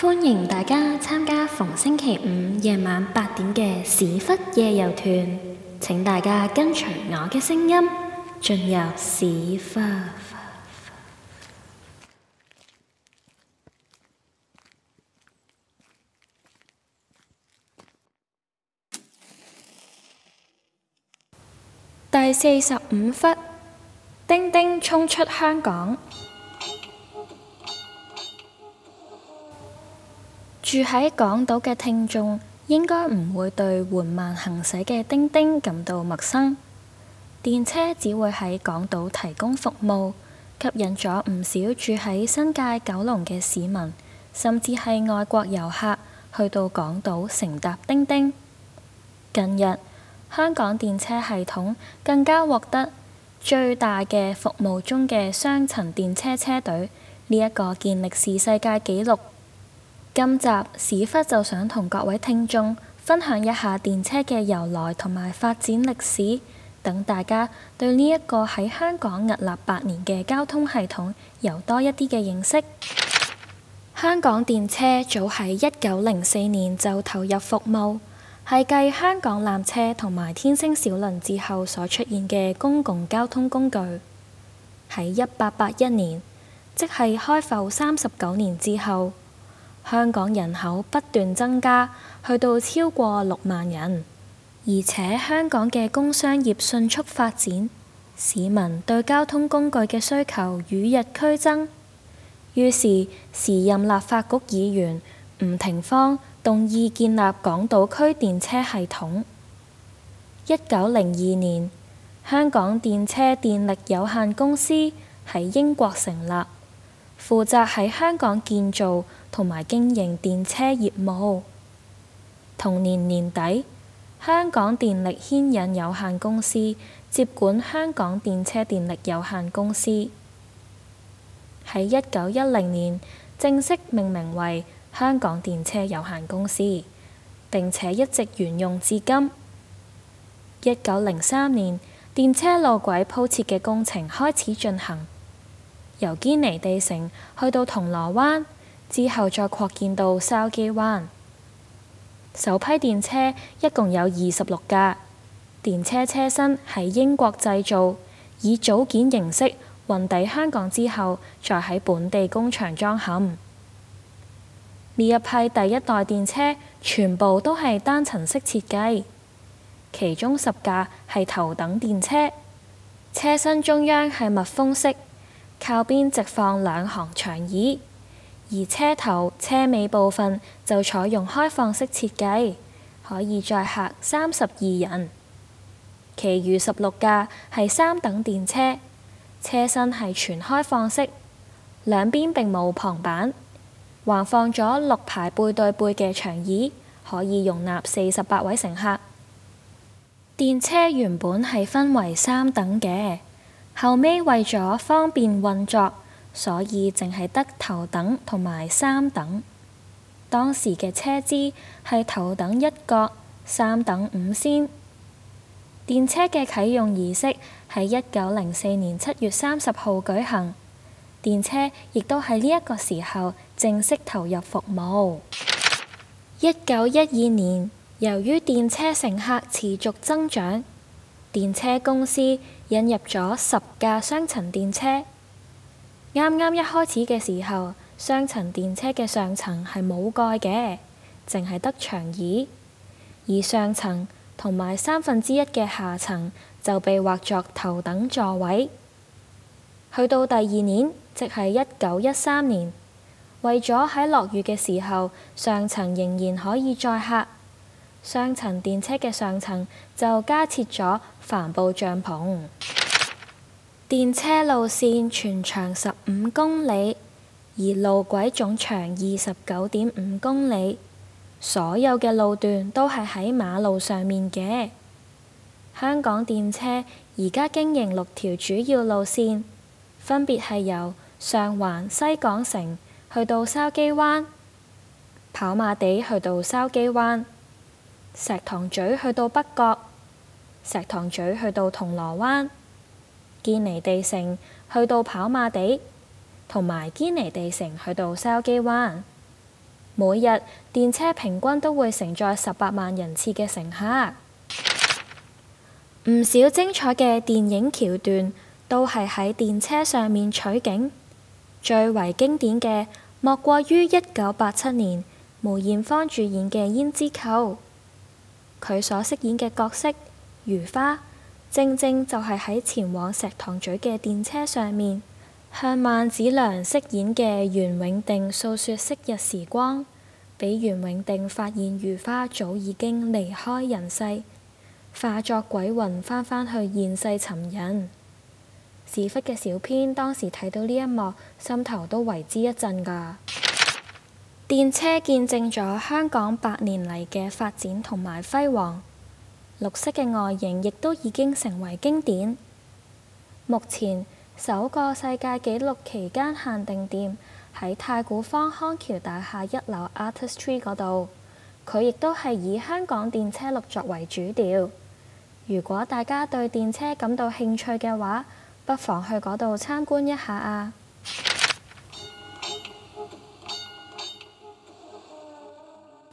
歡迎大家參加逢星期五夜晚八點嘅史窟夜遊團。請大家跟隨我嘅聲音進入史窟。第四十五窟，叮叮衝出香港。住喺港島嘅聽眾應該唔會對緩慢行駛嘅叮叮感到陌生。電車只會喺港島提供服務，吸引咗唔少住喺新界九龍嘅市民，甚至係外國遊客去到港島乘搭叮叮。近日，香港電車系統更加獲得最大嘅服務中嘅雙層電車車隊呢一、這個健力士世界紀錄。今集史窟就想同各位聽眾分享一下電車嘅由來同埋發展歷史，等大家對呢一個喺香港屹立百年嘅交通系統有多一啲嘅認識。香港電車早喺一九零四年就投入服務，係繼香港纜車同埋天星小輪之後所出現嘅公共交通工具。喺一八八一年，即係開埠三十九年之後。香港人口不斷增加，去到超過六萬人，而且香港嘅工商業迅速發展，市民對交通工具嘅需求與日俱增。於是，時任立法局議員吳廷芳動議建立港島區電車系統。一九零二年，香港電車電力有限公司喺英國成立。負責喺香港建造同埋經營電車業務。同年年底，香港電力牽引有限公司接管香港電車電力有限公司。喺一九一零年正式命名為香港電車有限公司，並且一直沿用至今。一九零三年，電車路軌鋪設嘅工程開始進行。由堅尼地城去到銅鑼灣，之後再擴建到筲箕灣。首批電車一共有二十六架，電車車身係英國製造，以組件形式運抵香港之後，再喺本地工場裝嵌。呢一批第一代電車全部都係單層式設計，其中十架係頭等電車，車身中央係密封式。靠邊直放兩行長椅，而車頭、車尾部分就採用開放式設計，可以載客三十二人。其餘十六架係三等電車，車身係全開放式，兩邊並冇旁板，橫放咗六排背對背嘅長椅，可以容納四十八位乘客。電車原本係分為三等嘅。後尾為咗方便運作，所以淨係得頭等同埋三等。當時嘅車資係頭等一角，三等五仙。電車嘅啟用儀式喺一九零四年七月三十號舉行，電車亦都喺呢一個時候正式投入服務。一九一二年，由於電車乘客持續增長，電車公司，引入咗十架雙層電車。啱啱一開始嘅時候，雙層電車嘅上層係冇蓋嘅，淨係得長椅；而上層同埋三分之一嘅下層就被劃作頭等座位。去到第二年，即係一九一三年，為咗喺落雨嘅時候，上層仍然可以載客。雙層電車嘅上層就加設咗帆布帳篷。電車路線全長十五公里，而路軌總長二十九點五公里，所有嘅路段都係喺馬路上面嘅。香港電車而家經營六條主要路線，分別係由上環西港城去到筲箕灣，跑馬地去到筲箕灣。石塘咀去到北角，石塘咀去到銅鑼灣，堅尼地城去到跑馬地，同埋堅尼地城去到筲箕灣。每日電車平均都會承載十八萬人次嘅乘客，唔少精彩嘅電影橋段都係喺電車上面取景，最為經典嘅莫過於一九八七年梅艷芳主演嘅《胭脂扣》。佢所飾演嘅角色如花，正正就係喺前往石塘咀嘅電車上面，向萬梓良飾演嘅袁永定訴說昔日時光，俾袁永定發現如花早已經離開人世，化作鬼魂翻返去現世尋人。史窟嘅小編當時睇到呢一幕，心頭都為之一震㗎。電車見證咗香港百年嚟嘅發展同埋輝煌，綠色嘅外形亦都已經成為經典。目前首個世界紀錄期間限定店喺太古坊康橋大廈一樓 Artistry 嗰度，佢亦都係以香港電車綠作為主調。如果大家對電車感到興趣嘅話，不妨去嗰度參觀一下啊！